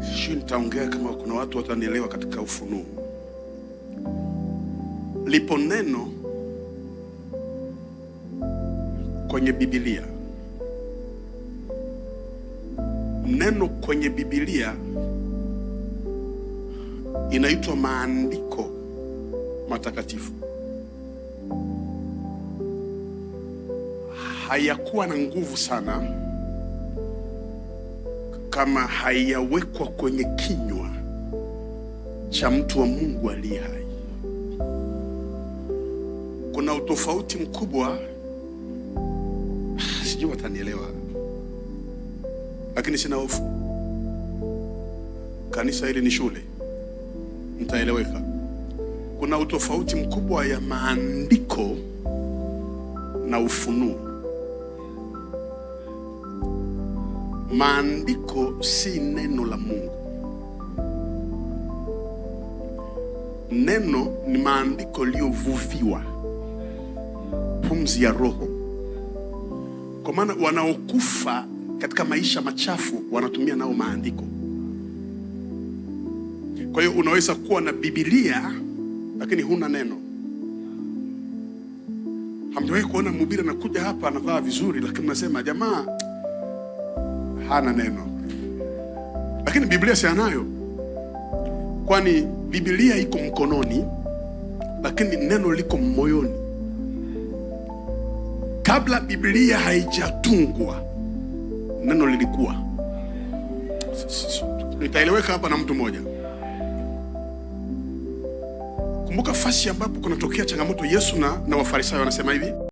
Sijui nitaongea kama kuna watu watanielewa katika ufunuo. Lipo neno kwenye Biblia, neno kwenye Biblia inaitwa maandiko matakatifu. Hayakuwa na nguvu sana kama haiyawekwa kwenye kinywa cha mtu wa Mungu aliye hai. Kuna utofauti mkubwa, sijui watanielewa, lakini sina hofu. Kanisa hili ni shule, mtaeleweka. Kuna utofauti mkubwa ya maandiko na ufunuo. Maandiko si neno la Mungu. Neno ni maandiko liyovuviwa pumzi ya Roho, kwa maana wanaokufa katika maisha machafu wanatumia nao maandiko. Kwa hiyo unaweza kuwa na Biblia lakini huna neno. Hamjawahi kuona mhubiri anakuja hapa anavaa vizuri, lakini unasema jamaa hana neno, lakini Biblia si anayo, kwani Biblia iko mkononi, lakini neno liko moyoni. Kabla Biblia haijatungwa neno lilikuwa. nitaeleweka hapa na mtu mmoja. Kumbuka fasi ambapo kunatokea changamoto Yesu na na Wafarisayo wanasema hivi